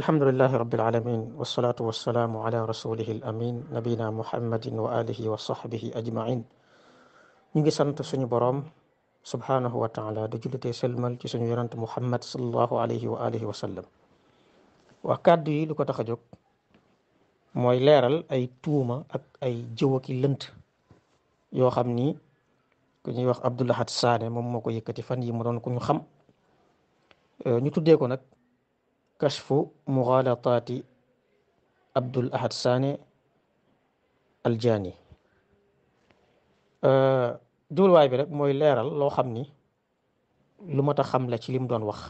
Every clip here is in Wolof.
alhamdulilahi rabilalamin walsolaatu walsalaamu ala rasulihi alamin nabina muhammadin wa alihi wa sahbihi ajmain ñu ngi sant suñu borom subhaanahu wa taala di jullitee ci suñu yonant muhammad salallahu alayhi wa alihi wa kàddu yi lu ko tax mooy leeral ay tuuma ak ay jëwaki lënt yoo xam ni ku ñuy wax Abdoulahat Saane moom moo ko yëkkati fan yi mu doon ku ñu xam ñu tuddee ko nag kashfu muxaalataati Abdul Ahad Sané Aljani jubluwaay bi rek mooy leeral loo xam ni lu mat a xam la ci lim doon wax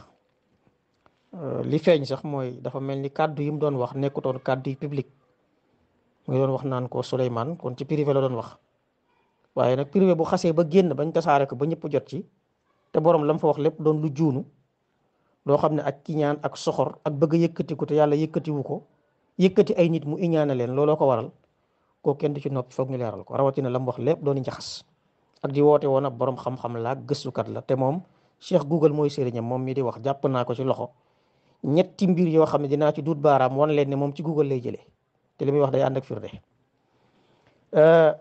li feeñ sax mooy dafa mel ni kàddu yi mu doon wax nekkutoon kàddu yi public muy doon wax naan ko Souleymane kon ci privé la doon wax waaye nag privé bu xasee ba génn bañ tasaare ko ba ñëpp jot ci te borom lam fa wax lépp doon lu juunu. loo xam ne ak kiñaan ak soxor ak bëgg a yëkkatiku te yàlla yëkkatiwu ko yëkkati ay nit mu iñaane leen looloo ko waral ko kenn du ci noppi foog ñu leeral ko rawatina la mu wax lépp doon njaxas ak di woote woon boroom borom xam-xam la ak gëstukat la te moom Cheikh Google mooy sëriñam moom mi di wax jàpp naa ko ci loxo ñetti mbir yoo xam ne dinaa ci duut baaraam wan leen ne moom ci Google lay jëlee te li muy wax day ànd ak firnde euh,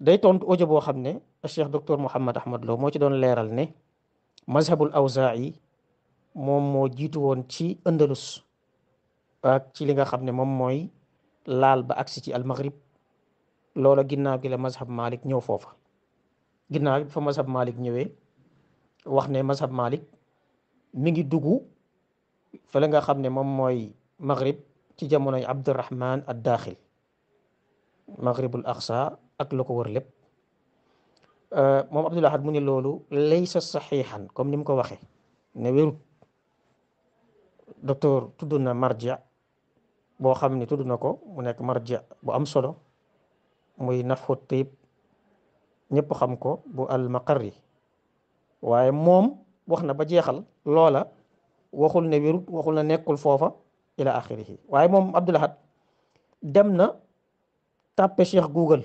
day tontu audio boo xam ne Cheikh docteur Mouhammad Ahmad Lo moo ci doon leeral ne mazhabul Awzaa'i moom moo jiitu woon ci Andalus ak ci li nga xam ne moom mooy laal ba agsi ci almaghrib loola ginnaaw gi la mazhab Malik ñëw foofa ginnaaw gi fa mazhab Malik ñëwee wax ne mazhab Malik mi ngi dugg fa la nga xam ne moom mooy maghrib ci jamonoy Abdurrahman ad daaxil maghribul aqsa ak la ko wër lépp euh, moom Abdul Ahad mu ne loolu laysa saxiixan comme ni ko waxee ne wérut docteur tudd na marja boo xam ne tudd na ko mu nekk marja bu am solo muy nafu tiib ñëpp xam ko bu almaqarri waaye moom wax na ba jeexal loola waxul na wérut waxul na nekkul foofa ila axirihi waaye moom abdulahat dem na tàppe cheikh google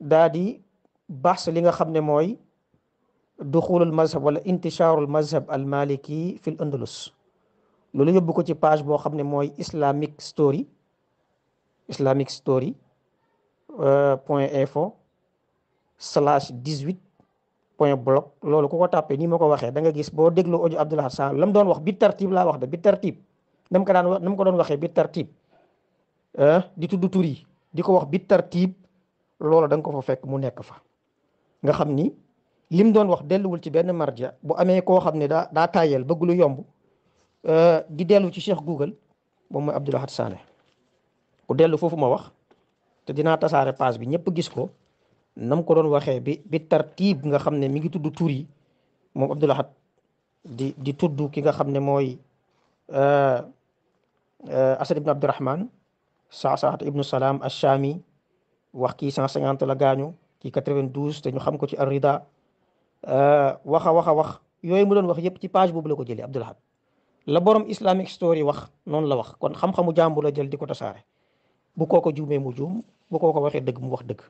daa di baax li nga xam ne mooy duxulul mazhab wala intishaarul mazhab al maliki fil andalus loolu yóbbu ko ci page boo xam ne mooy islamic story islamic story euh, point info slash dix huit point blog loolu ku ko tàppee ni ma ko waxee da nga gis boo déglu ojo Abdoul Ahad Sall la doon wax bi tartib laa wax de bi tartib na mu ko daan na mu ko doon waxee bi tartib euh, di tudd tur di ko wax bi tartib loolu danga nga ko fa fekk mu nekk fa nga xam ni lim doon wax delluwul ci benn marja bu amee koo xam ne daa daa tayel bëgg yomb Euh, di dellu ci Cheikh Google moom mooy Abdou Lahad Sané ku dellu foofu ma wax te dinaa tasaare page bi ñëpp gis ko nam ko doon waxee bi bi nga xam ne mi ngi tudd tur yi moom Abdou di di tudd ki nga xam ne mooy euh, euh, Asad ibn Abdurahman Sa'saat ibnu Salaam Ash-Shami wax kii 150 la gaañu kii 92 te ñu xam ko ci Ar-Rida waxa waxa wax yooyu mu doon wax yëpp ci page boobu la ko jëlee Abdou Lahad la borom islamic story wax noonu la wax kon xam-xamu jàmbur la jël di ko tasaare bu kooko juumee mu juum bu kooko waxee dëgg mu wax dëgg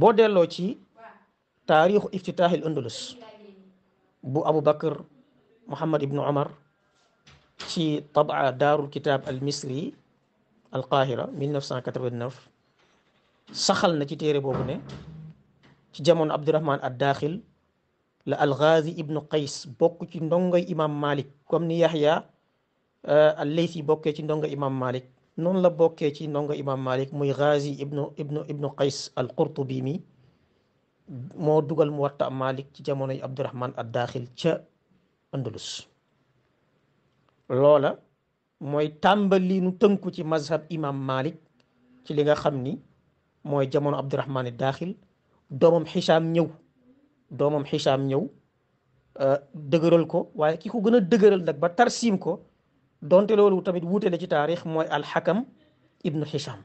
boo delloo ci taarixu iftitaaxil andalus bu Abu Bakr Muhammad ibnu Omar ci tabaa daarul kitaab al misri al qahira 1989 saxal na ci téere boobu ne ci jamono Abdurahman ad daaxil la alghazi ibnu qays bokk ci ndongo imam malik comme ni yaxya euh, al-laythi ci ndongo imam malik noonu la bokkee ci ndongo imam malik muy ghazi ibnu ibnu ibnu qays al mi moo dugal mu muwatta malik ci jamonoy abdurahman ad-daxil ca andalus loola mooy tàmbali nu tënku ci mazhab imam malik ci li nga xam ni mooy jamono abdurahman ad-daxil doomam xisaam ñëw doomam xisaam ñëw euh, dëgëral ko waaye ki ko gën a dëgëral nag ba tarsiim ko donte loolu tamit wuutale ci taarix mooy alxakam ibnu xisaam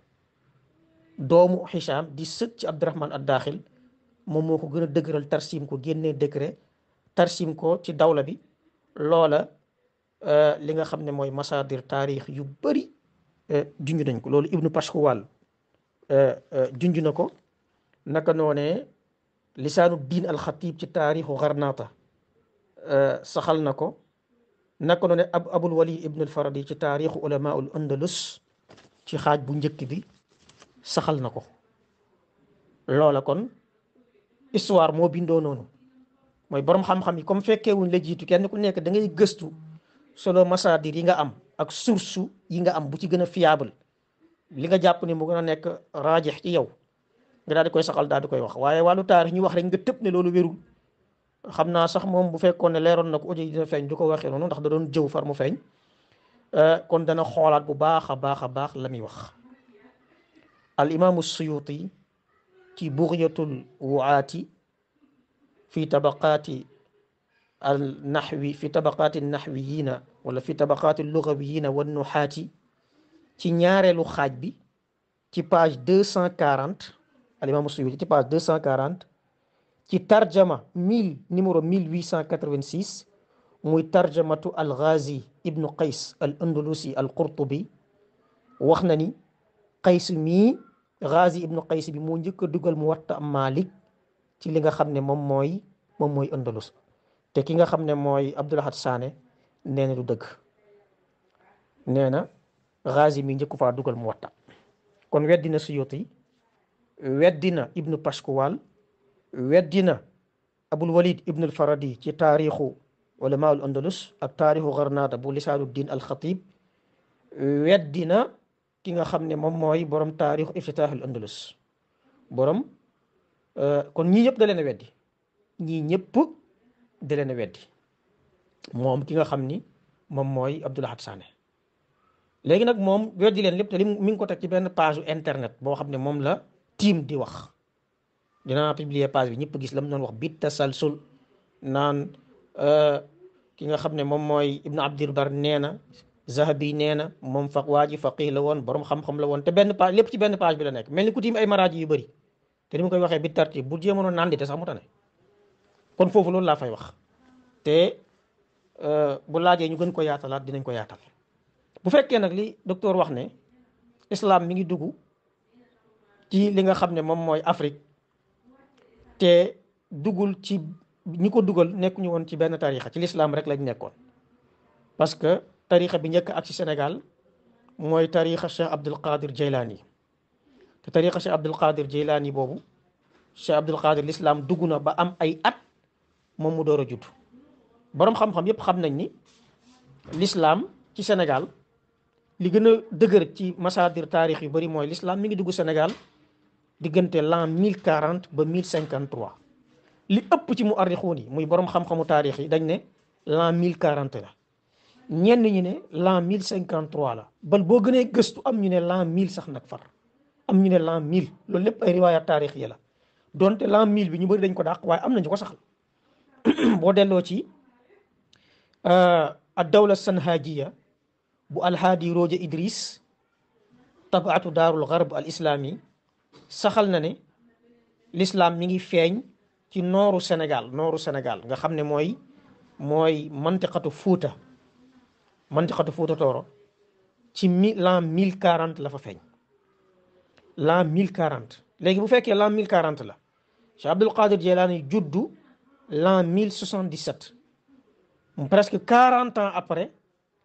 doomu xisaam di sët ci abdurahman ad daaxil moom moo ko gën a dëgëral tarsiim ko génnee décret tarsiim ko ci dawla bi loola euh, li nga xam ne mooy masaadir taarix yu bëri euh, junj nañ ko loolu ibnu pashkuwal junj na ko naka noone lisaanu diin alxatib ci taarixu xarnaata euh, saxal na ko naka noonu ab abul wali ibn alfaradi ci taarixu ulamaul andalus ci xaaj bu njëkk bi saxal na ko loola kon histoire moo bindoo noonu mooy borom xam-xam yi comme fekkeewuñ la jiitu kenn ku nekk da ngay gëstu solo masaadir yi nga am ak source yi nga am bu ci gën a fiable li nga jàpp ni mu gën a nekk raajix ci yow nga daal koy saxal daal di koy wax waaye wàllu taarix ñu wax rek nga tëb ne loolu wérul xam naa sax moom bu fekkoon ne leeroon na ko audio yi dina feeñ du ko waxee noonu ndax da doon jëw far euh, kon dana xoolaat bu baax a baax a baax la muy wax al imaamu suyuti ci bughyatul wuaati fi tabaqaati al naxwi fi tabaqaati naxwiyiina wala fi tabaqaati lugawiyiina wa nuxaati ci ñaareelu xaaj bi ci page deux cent alimamu Suyuti ci page 240 ci tarjama 1000 numéro 1886 muy tarjamatu al-Ghazi ibnu Qays al-Andalusi al-Qurtubi wax na ni Qays mii Ghazi ibnu Qays bi moo njëkk dugal mu watta Malik ci li nga xam ne moom mooy moom mooy Andalus te ki nga xam ne mooy Abdul Ahad Sané nee na du dëgg nee na Ghazi mii njëkku faa dugal mu watta kon weddi na weddina ibnu paskuwal weddina abul walid ibnu alfaradi ci taarixu ulama al andalus ak taarixu garnaada bu lisaanu diin alxatib weddina ki nga xam ne moom mooy borom taarixu iftitaahul andalus borom euh, kon ñii ñëpp da leen a weddi ñii ñëpp da na a weddi moom ki nga xam ni moom mooy Abdou Lahad nag moom weddi leen lépp te li mi ngi ko teg ci benn page internet boo xam ne moom la tiim di wax dinaa publier page bi ñëpp gis la mu doon wax bit tasalsul naan euh, ki nga xam ne moom mooy ibnu abdil bar nee na zahabi nee na moom fa waa ji faqih la woon borom xam-xam la woon te benn page lépp ci benn page bi la nekk mel ni ku tiim ay maraaji yu bari te ni mu koy waxee bi tartib bu jéemoon naan di de sax mu tane kon foofu loolu laa fay wax te euh, bu laajee ñu gën ko yaatalaat dinañ ko yaatal bu fekkee nag li docteur wax ne islam mi ngi dugg ci li nga xam ne moom mooy Afrique te duggul ci ñi ko dugal nekkuñu woon ci benn tarixa ci lislaam rek lañ nekkoon parce que tarixa bi njëkk ak ci senegal mooy tarixa Cheikh Abdul Qadir Jeylaani te tarixa Cheikh Abdul Qadir Jeylaani boobu Cheikh Abdul Qadir lislaam dugg na ba am ay at moom mu door a judd boroom xam-xam yépp xam nañ ni lislaam ci senegal li gën a dëgër ci masaadir taarix yu bari mooy lislaam mi ngi dugg senegal diggante l'an mille quarante ba mille cinquante trois li ëpp ci mu arrixuun yi muy borom xam-xamu taarix dañ ne l'an mille quarante la ñenn ñi ne l'an mille cinquante trois la bal boo gënee gëstu am ñu ne l'an mille sax nag far am ñu ne l'an mille loolu lépp ay riwaaya taarix la donte l'an mille bi ñu bëri dañ ko dàq waaye am nañu ko saxal boo delloo ci euh, addawla sanhajiya bu alhaadi roja idris tabaatu daarul garb al islami saxal na ne lislaam mi ngi feeñ ci nooru Sénégal nooru Sénégal nga xam ne mooy mooy mantiqatu Fuuta mantiqatu Fuuta Tooro ci mi mille quarante la fa feeñ l'an mille quarante léegi bu fekkee l'an mille quarante la Cheikh Abdul Qadir Jelaani juddu l'an mille soixante dix sept presque quarante ans après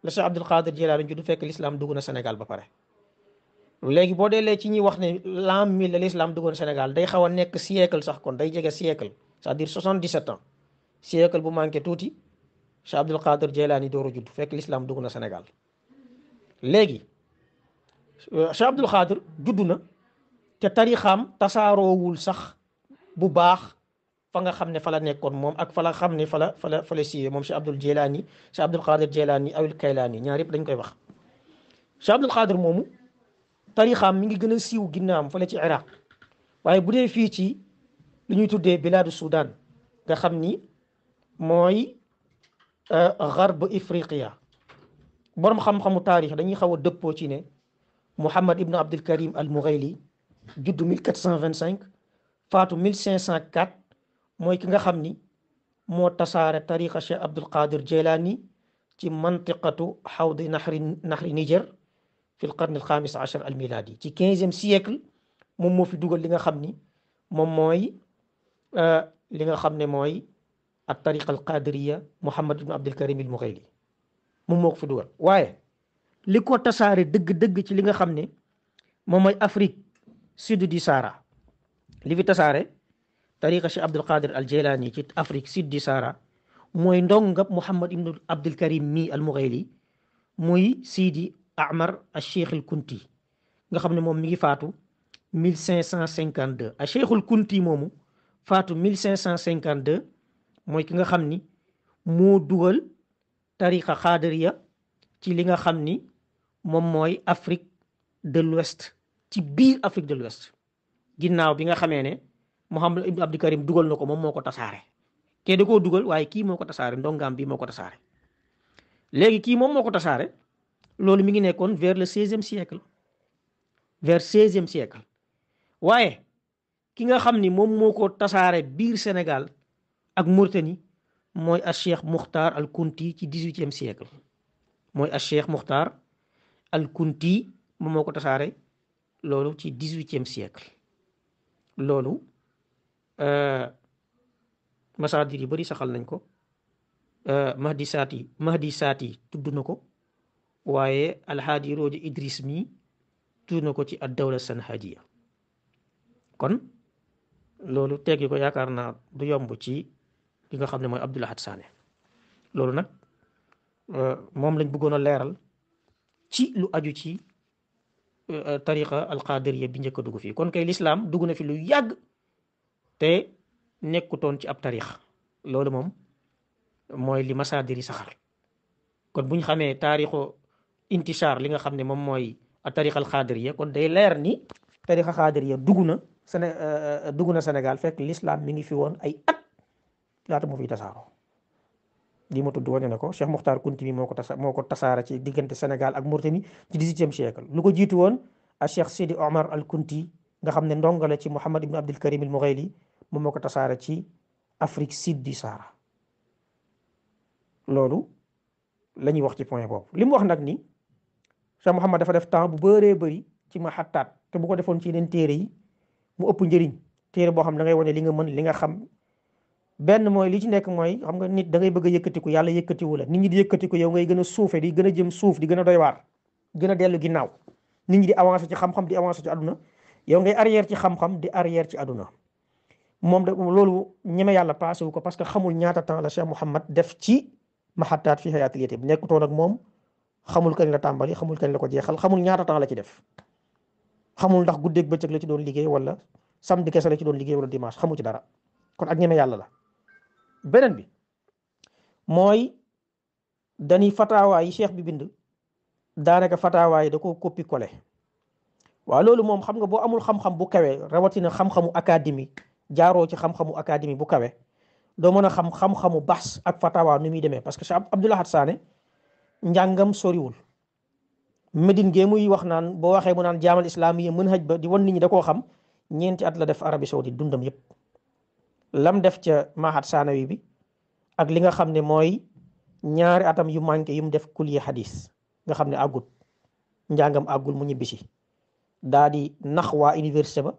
la Cheikh Abdul Qadir Jelaani juddu fekk l'islam dugg na Sénégal ba pare léegi boo deelee ci ñuy wax ne l'an 1000 la l'islam duggoon Sénégal day xaw a nekk siècle sax kon day jege siècle c'est-à-dire 77 ans siècle bu manqué tuuti Cheikh Abdul Qadir Jeylaani door a judd fekk l'islam dugg na Sénégal léegi euh, Cheikh Abdul Qadir judd na te tarixaam tasaaroowul sax bu baax fa nga xam ne fa la nekkoon moom ak fa xam ne fala la fa la fa la siiwee moom Cheikh Abdul Jeylaani Cheikh Abdul Qadir Jeylaani awil Kaylaani ñaar yëpp dañ koy wax Cheikh Abdul Qadir moomu. tarixaam mi ngi gën a siiw ginnaam fale ci iraq waaye bu dee fii ci lu ñuy tuddee biladu soudan nga xam ni mooy euh, garb ifriqiya borom xam-xamu taarix dañuy xaw a dëppoo ci ne Muhammad ibn Abdul Karim al Mughayli juddu 1425 faatu 1504 mooy ki nga xam ni moo tasaare tariqa Cheikh Abdul Qadir Jilani ci mantiqatu xawdi naxri naxri Niger fi l qarn al ci quinzième siècle moom moo fi dugal li nga xam ni moom mooy euh, li nga xam ne mooy at tariqa al qadiriya Muhammad ibn Abdul fi dugal waaye li ko tasaare dëgg-dëgg ci li nga xam ne moom mooy Afrique sud du Sahara li fi tasaare tariqa Cheikh Abdul Qadir al Jilani ci Afrique sud du Sahara mooy ndongab Muhammad mu Abdul Karim mi al Mughayli muy siidi Amar a Cheikhul Kunti nga xam ne moom mi ngi faatu 1552 a Cheikhul Kunti moomu faatu 1552 mooy ki nga xam ni moo dugal tariqa xaadariya ci li nga xam ni moom mooy Afrique de l'Ouest ci biir Afrique de l'Ouest ginnaaw bi nga xamee ne Mouhamad Ibn Abdou Karim dugal na ko moom moo ko tasaare kee da koo dugal waaye kii moo ko tasaare ndongaam bi moo ko tasaare léegi kii moom moo ko tasaare loolu mi ngi nekkoon vers le seizième siècle vers seizième siècle waaye ki nga xam ni moom moo ko tasaare biir Sénégal ak Mauritanie mooy a Cheikh Mokhtar al Kunti ci dix-huitième mooy a Cheikh Mokhtar al Kunti moom moo ko tasaare loolu ci dix-huitième siècle loolu euh, masaadir yi bari saxal nañ ko euh, mahdi saati mahdi saati tudd na ko waaye alhaadi rooji idris mi tuur na ko ci ad dawla sanhadiya kon loolu teggi ko yaakaar naa du yomb ci ki nga xam ne mooy Abdoul Ahad Sané loolu nag euh, moom lañ bëggoon a leeral ci lu aju ci euh, tariqa alqadiriya bi njëkk dugg fii kon kay lislaam dugg na fi lu yàgg te nekkutoon ci ab tarix loolu moom mooy li masadiri saxar kon buñ xamee taarixu intichar li nga xam ne moom mooy tariqa al xaadiriya kon day leer ni tariqa xaadiriya dugg na Séné euh, euh, dugg na Sénégal fekk l'islam mi ngi fi woon ay at laata mu fiy tasaaroo lii ma tudd wone na ko Cheikh Mokhtar Kounti mi moo ko tasa moo ko tasaara ci diggante Sénégal ak Mauritanie ci dix-huitième siècle lu ko jiitu woon a Cheikh Sidi Omar al Kounti nga xam ne ndongo la ci Mouhamad ibn Abdul Karim al Mughayli moo ko tasaara ci Afrique sud du Sahara loolu la ñuy wax ci point boobu li wax nag ni. Cheikh Mouhamad dafa def temps bu bëree bëri ci ma xattaat te bu ko defoon ci téere yi mu ëpp njëriñ téere boo xam da ngay wane li nga mën li nga xam benn mooy li ci nekk mooy xam nga nit da ngay bëgg a yëkkatiku yàlla yëkkatiwu la nit ñi di yëkkatiku yow ngay gën a suufe di gën a jëm suuf di gën a doy waar gën a dellu ginnaaw nit ñi di ci xam di avancé ci aduna yow ngay arrière ci xam di arrière ci aduna moom da loolu ñeme yàlla passé wu ko parce que xamul ñaata temps la Cheikh Mouhamad def ci maxataat fi xayaatil yatim nekkutoon ak moom xamul kañ la tàmbali xamul kañ la ko jeexal xamul ñaata temps la ci def xamul ndax guddeeg bëccëg la ci doon liggéey wala samedi kese la ci doon liggéey wala dimanche xamu ci dara kon ak ñeme yàlla la beneen bi mooy dañuy fatawaa yi cheikh bi bind daanaka fatawaa yi da ko copie collé waaw loolu moom xam nga boo amul xam-xam bu kawe rawatina xam-xamu académie jaaroo ci xam-xamu académie bu kawe doo mën a xam xam-xamu bas ak fatawa nu muy demee parce que Cheikh Abdoul Ahad Sané njàngam soriwul Medine gee muy wax naan boo waxee mu naan jaamal islaamiya mën haj ba di wan nit ñi da ko xam ñeenti at la def Arabie Saoudite dundam yépp lam def ca Mahad Sanawi bi ak li nga xam ne mooy ñaari atam yu manqué yum def kulliye hadis nga xam ne agut njàngam agul mu ñibbisi daa nax waa université ba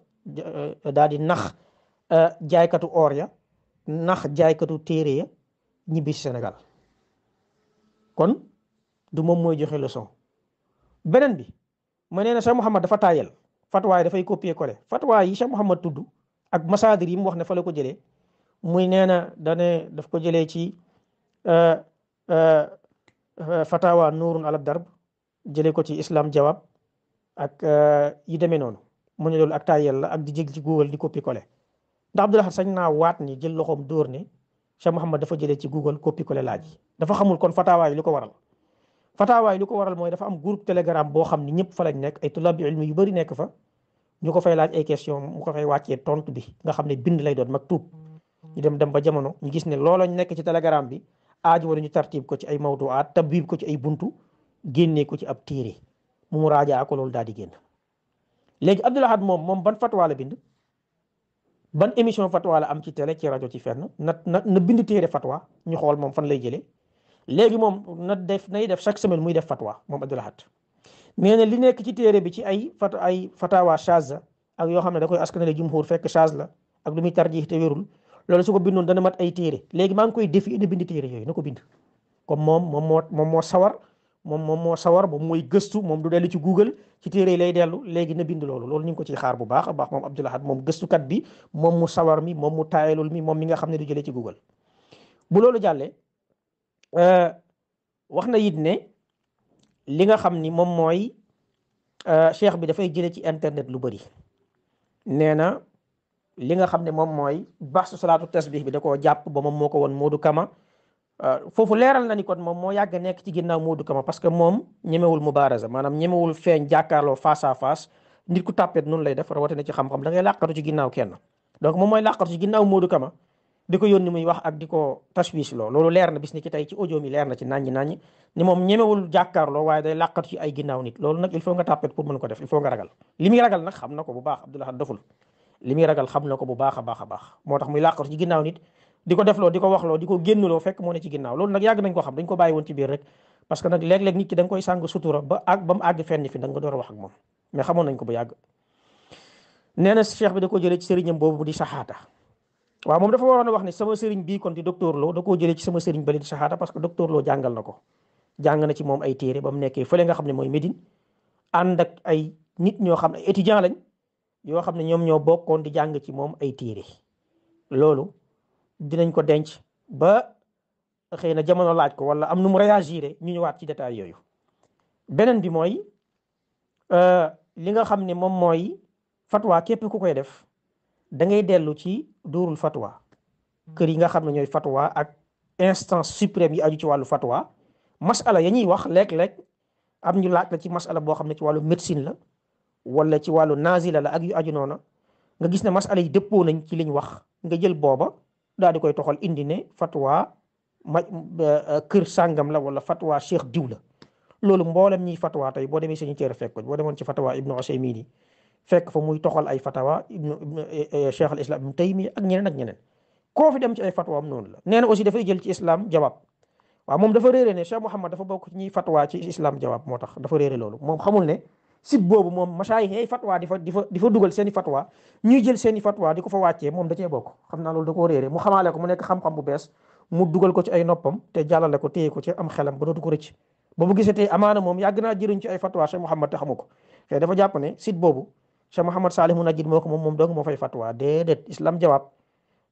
daa di nax euh, jaaykatu or ya nax jaaykatu téere ya ñibbisi Sénégal du moom mooy joxe leçon beneen bi ma nee na Cheikh Mouhamad dafa taayal fatwaay dafay copier coller fatwaay yi Cheikh Mouhamad tudd ak masaadir yi mu wax ne fa la ko jëlee muy nee na dane daf ko jëlee ci euh, euh, fatawa nuurun ala darb jëlee ko ci islam jawab ak euh, yi demee noonu mu ne loolu la ak di jég ci Google di copier coller ndax Abdoulaye sañ naa waat ni jël loxoom dóor ne Cheikh Mouhamad dafa jëlee ci Google copier coller laaj yi dafa xamul kon fatawaa yi lu ko waral fataawaay li ko waral mooy dafa am groupe telegram boo xam ni ñëpp fa lañ nekk ay tulab ilmi yu bëri nekk fa ñu ko fay laaj ay question mu ko fay wàccee tontu bi nga xam ne bind lay doon maktub ñu dem dem ba jamono ñu gis ne loola ñu nekk ci telegram bi aaj wala ñu tartib ko ci ay mawduaat tabib ko ci ay buntu génnee ko ci ab téere mu mu raajaa ko loolu daal di génn léegi Abdoul moom moom ban fatwa la bind ban émission fatwa am ci télé ci rajo ci fenn na na na bind téere fatwa ñu xool moom fan lay jëlee léegi moom na def nay def chaque semaine muy def fatwa moom Abdul Ahad nee na li nekk ci téere bi ci ay fat ay fatawa chaz ak yoo xam ne da koy askanale jumhur fekk chaz la ak lu muy tarjih te wérul loolu su ko bindoon dana mat ay téere léegi maa ngi koy defi indi bind téere yooyu na ko bind comme moom moom moo moom moo sawar moom moom moo sawar moom mooy gëstu moom du dellu ci Google ci téere yi lay dellu léegi na bind loolu loolu ñu ngi ko ciy xaar bu baax a baax moom Abdul Ahad moom gëstukat bi moom mu sawar mi moom mu taayalul moom mi nga xam ne du jëlee ci Google bu loolu jàllee Euh, wax na it ne li nga xam ni moom mooy euh, cheikh bi dafay jële ci internet lu bëri nee na li nga xam ne moom mooy baxsu salaatu tasbih bi da koo jàpp ba moom moo ko woon Modou Kama euh, foofu leeral na ni kon moom moo yàgg nekk ci ginnaaw Modou Kama parce que moom ñemewul mubaaraza maanaam ñemewul feeñ jàkkaarloo face à face nit ku tàppet noonu lay def rawatina ci xam-xam da ngay làqatu ci ginnaaw kenn donc moom mooy làqatu ci ginnaaw Modou Kama di ko yónni muy wax ak di ko loolu leer na bis ni tey ci audio mi leer na ci naññi naññi ni moom ñemewul jàkkaarloo waaye day làqat ci ay ginnaaw nit loolu nag il faut nga pour mën ko def il faut ragal li muy ragal nag xam na ko bu baax Abdoul Ahad na ko bu baax a baax a moo tax muy làqatu ci ginnaaw nit di ko defloo di ko waxloo di ko génnloo fekk moo ne ci ginnaaw loolu nag yàgg nañ ko xam dañ ko bàyyi woon ci biir rek parce que nag léeg-léeg nit a wax ak moom mais xamoon nañ ko bu yàgg nee na cheikh bi da ko jëlee ci sëriñam boobu di saxaata waaw moom dafa waroon wax ne sama sëriñ bi kon di docteur Lo da koo jëlee sama sëriñ bale di shahada parce que docteur Lo jàngal na ko jànga na ci moom ay téere ba mu nekkee fële nga xam ne mooy ànd ak ay nit ñoo xam ne étudiant lañ yoo xam ne ñoom ñoo bokkoon di jàng ci moom ay téere loolu dinañ ko denc ba xëy na jamono laaj ko wala am nu mu réagir ñu ñëwaat ci détail yooyu beneen bi mooy euh, li nga xam ne moom mooy fatwa képp ku koy def da ngay dellu ci duurul fatwa hmm. kër yi nga xam ne ñooy fatwa ak instance suprême yi aju ci wàllu fatwa masala ya ñuy wax léeg-léeg am ñu laaj la ci masala boo xam ne ci wàllu médecine la wala ci wàllu nazila la ak yu aju noona nga gis ne masala yi dëppoo nañ ci liñ wax nga jël booba daal di koy toxal indi ne fatwa ma euh, kër sàngam la wala fatwa cheikh diw la loolu mboolem ñiy fatwa tey boo demee suñu téere fekk ko boo demoon ci fatwa ibnu Usaymin yi fekk fa muy toxal ay fatawa eh, eh, eh, cheikh al islam ibnu taymiya ak ñeneen ak ñeneen koo fi dem ci ay fatwaam noonu la nee na aussi dafay jël ci islam jawaab waaw moom dafa réere ne cheikh Mouhamad dafa bokk ci ñuy fatwa ci islam moo tax dafa réere loolu moom xamul ne site boobu moom masaayix ay fatwa di fa di fa di fa dugal seen i fatwa jël seen i di ko fa wàccee moom da cee bokk xam naa loolu réere mu xamaale ko mu nekk xam-xam bu bees mu dugal ay noppam te jàllale ko téye ko ci am xelam ba ko rëcc ba mu gisee tey amaana moom yàgg naa jëriñ ci ay fatwa cheikh Mouhamad te ko te dafa jàpp ne site boobu Cheikh Mouhamed Salih mu najid moo ko moom moom dong moo fay fatwa déedéet islam jawaab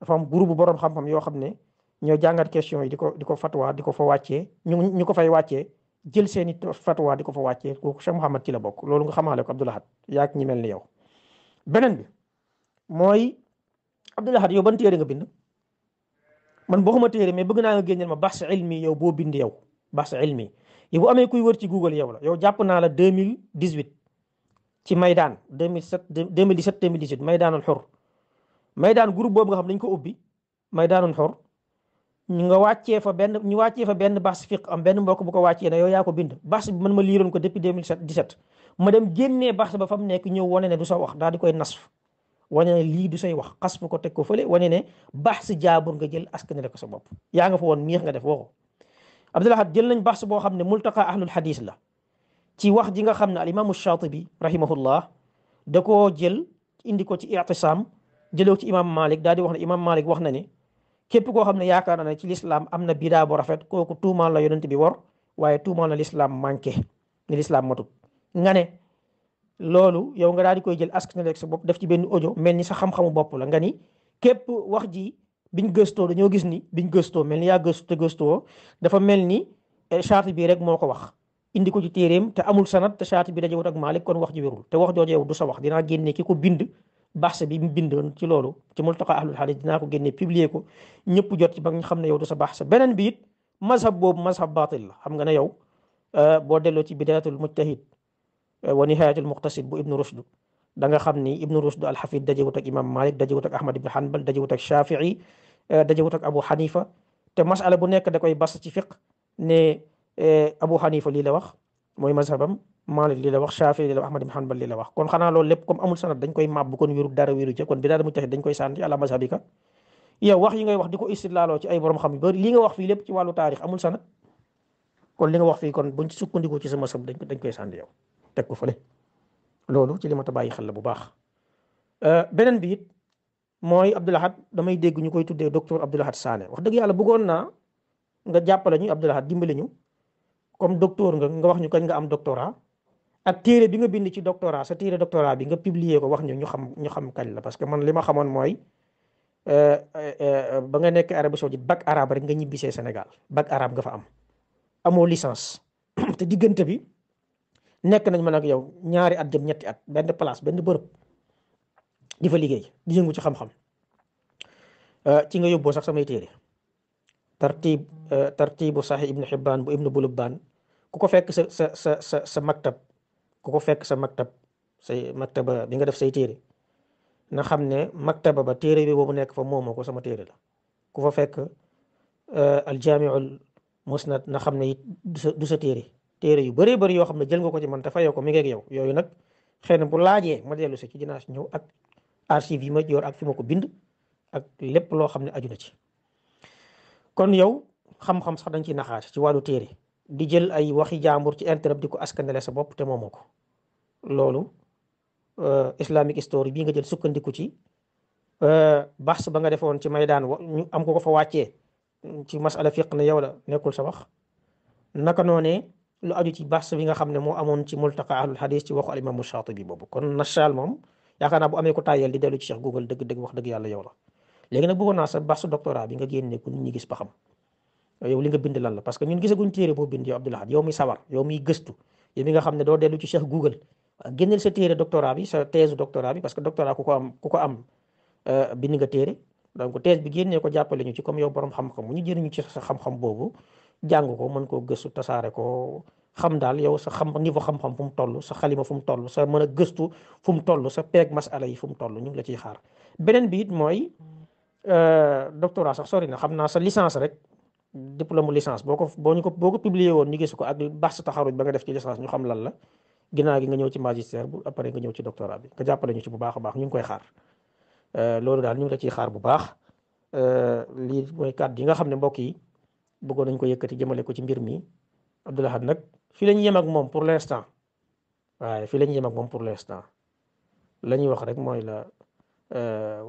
dafa am groupe bu borom xam-xam yoo xam ne ñoo jàngat question yi di ko di ko fatwa di ko fa wàccee ñu ñu ko fay wàccee jël seen i fatwa di ko fa wàccee kooku Cheikh Mouhamed ci la bokk loolu nga xamaale ko Abdoul Ahad yaak ñi ni yaw beneen bi mooy Abdoul Ahad yow ban téere nga bind man boo xuma téere mais bëgg naa nga génneel ma bahs ilmi yow boo bind yow bahs ilmi yow bu amee kuy wër ci Google yow la yow jàpp naa la 2018. ci Maydaan 2007 2017 2018 Maydaanul Xur Maydaan groupe boobu nga xam dañ ko ubbi Maydaanul Xur ñu nga wàccee fa benn ñu wàccee fa benn bas fiq am benn mbokk bu ko wàccee ne yow yaa ko bind bas bi man ma liiroon ko depuis 2017 ma dem génnee bas ba fa mu nekk ñëw wane ne du sa wax daal di koy nasf wane ne lii du say wax xas bu ko teg ko fële wane ne baax si jaabur nga jël askan la ko sa bopp yaa nga fa woon miix nga def woo ko Abdul Ahad jël nañ baax boo xam ne multaqa ahlul hadis la ci wax ji nga xam ne al imaamu Shaatibi rahimahullah da ko jël indi ko ci i'tisaam jëlew ci imaam Malik daal di wax ne imaam Malik wax na ne képp koo xam ne yaakaar na ne ci lislaam am na bidaa bu rafet kooku tuumaal la yonent bi wor waaye tuumaal na lislaam manqué ne lislaam matut nga ne loolu yow nga daal di koy jël askan sa bopp def ci benn audio mel ni sa xam-xamu bopp la nga ni képp wax ji biñ gëstoo dañoo gis ni biñ gëstoo mel ni yaa gëstu te gëstoo dafa mel ni charte bii rek moo ko wax indi ko ci téeréem te amul sanat te shaati bi dajewut ak Malik kon wax ji wérul te wax jooju yow du sa wax dinaa génne ki ko bind baxse bi mu bindoon ci loolu ci multaqa ahlul hadith dinaa ko génne publier ko ñëpp jot ci ba nga xam ne yow du sa baxse bi it mazhab boobu mazhab batil la xam nga ne yow euh, boo delloo ci bidayatul mujtahid euh, wa nihayatul muqtasid bu ibnu rushd da nga xam ni ibnu rushd alxafid dajewut ak imam Malik dajewut ak ahmad ibn hanbal dajewut ak shafii euh, dajewut ak abu hanifa te bu nekk da koy bas ci fiq ne Eh, Abu Hanifa lii la wax mooy mazhabam Malik lii la wax Shafi a la wax Ahmad ibn la wax kon xanaa lool lépp comme amul sanad dañ koy màbb kon wéru dara wéru ca kon bi wax yi ngay wax di ko istidlaaloo ci ay borom xam yu bari li nga wax fii kon li nga wax fii kon buñ sukkandiku ci sa mazhab dañ dañ koy sànni teg ko fële loolu ci li ma ta bàyyi xel la bu baax eh, beneen bi it mooy Abdoul Ahad damay dégg ñu koy tuddee docteur Abdoul Ahad Sané wax dëgg yàlla bëggoon naa nga jàppale ñu Abdoul Ahad dimbali ñu comme docteur nga nga wax ñu kañ nga am doctorat ak téere bi nga bind ci doctorat sa téere doctorat bi nga publier ko wax ñu ñu xam ñu xam kañ la parce que man li ma xamoon mooy euh, euh, ba nga nekk Arabie Saoudite bac arabe rek nga ñibbisee Sénégal bac arabe nga fa am amoo licence te diggante bi nekk nañ man ak yow ñaari at jëm ñetti at benn place benn bërëb di fa liggéey di yëngu ci xam-xam euh, ci nga yóbboo sax samay téere tartib tartibu sahih ibnu Hibbaan bu ibnu Bulubbaan ku ko fekk sa sa sa sa sa maktab ku ko fekk sa maktab say maktaba bi nga def say téere na xam ne maktaba ba téere ba boobu nekk fa moomoo ko sama téere la ku fa fekk euh, aljaamiul musnad na xam ne it du sa téere téere yu bëree bari yoo xam ne jël nga ko ci man te fayoo ko mi ngi ak yow yooyu nag xëy na bu laajee ma dellu si ci dinaa si ñëw ak archive ma yor ak fi ma ko bind ak lépp loo xam ne aju na ci kon yow xam-xam sax dañ ciy naxaat ci wàllu téere di jël ay waxi jaambur ci internet di ko askanale sa bopp te moomoo ko loolu euh, islamic story bii nga jël sukkandiku ci euh, baax ba nga defoon ci maydaan ñu am ko ko fa wàccee ci masala fiq ne yow la nekkul sa wax naka noonee lu aju ci baax bi nga xam ne moo amoon ci multaqa ahlul hadis ci waxu al imam Shaatibi boobu kon nachaal moom yaakaar naa bu amee ko tàyyeel di dellu ci Cheikh Google dëgg dëgg wax dëgg yàlla yow la léegi nag bëggoon naa sa baax doctorat bi nga génne ko nit ñi yow li nga bind lan la parce que ñun gisaguñ téere boo bind yow Abdoul Ahad yow mi sawar yow miy gëstu yow mi nga xam ne doo dellu ci Cheikh Google ah, génneel sa téere doctorat bi sa thèse doctorat bi parce que doctorat ku ko am euh, donc thèse bi génnee ko jàppale ñu ci comme yow borom xam-xam mu ñu jëriñu ci sa xam-xam boobu jàng ko mën koo gëstu tasaare ko xam daal yow sa xam niveau xam-xam fu mu toll sa xalima fu mu toll sa mën a gëstu fu mu toll sa peeg masala yi fu mu toll ñu ngi la ciy xaar beneen bi it mooy euh, doctorat sax sori na xam naa sa licence rek diplôme licence boo ko boo ko boo ko publier woon ñu gis ko ak bas taxaruj ba nga def ci licence ñu xam lan la ginnaaw gi nga ñëw ci magistère bu après nga ñëw ci doctorat bi nga jàppale ñu ci bu baax a baax ñu ngi koy xaar euh, loolu daal ñu ngi la ciy xaar bu baax euh, lii mooy kàddu yi nga xam ne mbokk yi bëggoon nañ ko yëkkati jëmale ko ci mbir mi Abdou Lahad nag fii la ñu yem ak moom pour temps waaye fi la ñu yem ak moom pour l'instant la ñuy wax rek mooy la euh,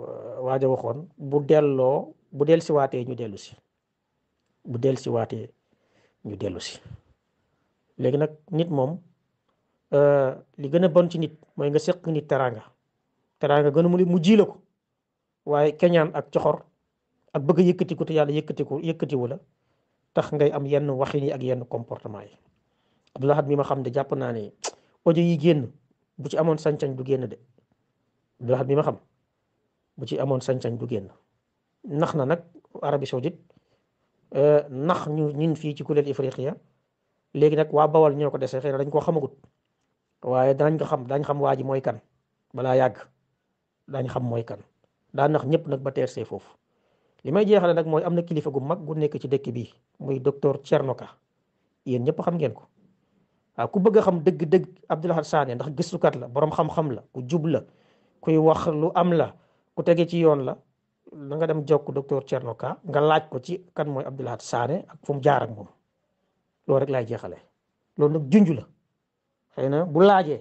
waaja waxoon bu delloo bu dellusiwaatee ñu dellu si bu dellu si waatee ñu dellu si léegi nag nit moom euh, li gën a bon ci nit mooy nga seq nit teraanga teraanga gën a mu ji la ko waaye keñaan ak coxor ak bëgg a yëkkatiku te yàlla yëkkatiku yëkkatiwu la tax ngay am yenn waxin yi ak yenn comportement yi Abdoulahat mi ma xam de jàpp naa ne audio yi génn bu ci amoon sañ-sañ du génn de Abdoulahat mi ma xam bu ci amoon sañ-sañ du génn nax na nag Arabie Saoudite Euh, nax ñu ñun fii ci kuréel Ifriqiya léegi nag waa Bawol ñoo ko dese xëy na dañ koo xamagut waaye danañ ko xam dañ xam waa ji mooy kan balaa yàgg dañ xam mooy kan daa nax ñëpp nag ba teer foofu li may jeexale nag mooy am na kilifa gu mag gu nekk ci dëkk bi muy docteur Thierno Ka yéen ñëpp xam ngeen ko waaw ku bëgg a xam dëgg-dëgg Abdou Lahad ndax gëstukat la borom xam-xam la ku jub la kuy wax lu am la ku tegee ci yoon la na nga dem jokk docteur Thierno Ka nga laaj ko ci kan mooy Abdou Lahad Sané ak fu mu jaar ak moom loolu rek laay jeexale loolu nag junj la xëy na bu laajee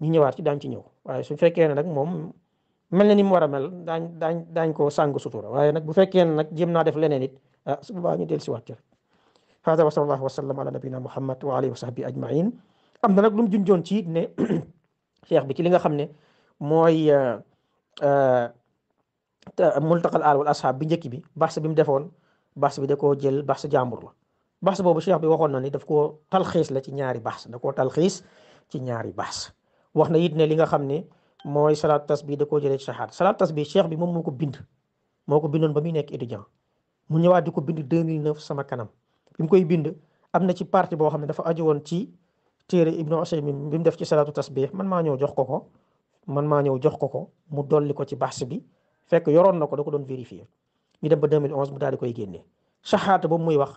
ñu ñëwaat ci daañ ci ñëw waaye su fekkee ne nag moom mel na ni mu war a mel daañ daañ daañ ko sàng sutura waaye nag bu fekkee ne nag jéem naa def leneen it ah su boobaa del si waat ci rek hada wa sallallahu wa sallam ala nabina muhammad wa alihi wa sahbi ajmain am na nag lu junjoon ci ne cheikh bi ci li nga xam ne moo ah, ah, multaqal aal wal asxaab bi njëkk bi baxs bi mu defoon baxs bi da koo jël baxs jàmbur la baxs boobu cheikh bi waxoon na ni daf koo talxiis la ci ñaari baxs da koo talxiis ci ñaari baxs wax na it ne li nga xam ne mooy salaat tasbih da koo jëlee ci saxaat salaat tasbih cheikh bi moom moo ko bind moo ko bindoon ba muy nekk étudiant mu ñëwaat di ko bind 2009 sama kanam bi mu koy bind am na ci partie boo xam ne dafa aju woon ci téere Ibnu Usaymin bi mu def ci salaatu tasbih man maa ñëw jox ko ko man maa ñëw jox ko ko mu dolli ko ci baxs bi fekk yoroon na ko da ko doon vérifier ñu dem ba 2011 mu daal di koy génnee saxaata boobu muy wax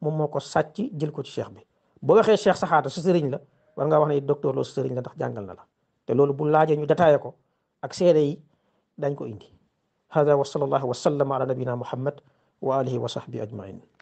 moom moo ko sàcc jël ko ci cheikh bi boo waxee cheikh saxaata sa sëriñ la war nga wax ne docteur loo sa la ndax jàngal na la te loolu bu laajee ñu détaillé ko ak seede yi dañ ko indi hada wa sallallahu wa sallama ala nabina muhammad wa alihi wa sahbi ajmain